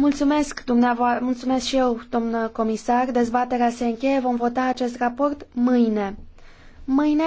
Mulțumesc, dumneavoastră, mulțumesc și eu, domnul comisar. Dezbaterea se încheie. Vom vota acest raport mâine. Mâine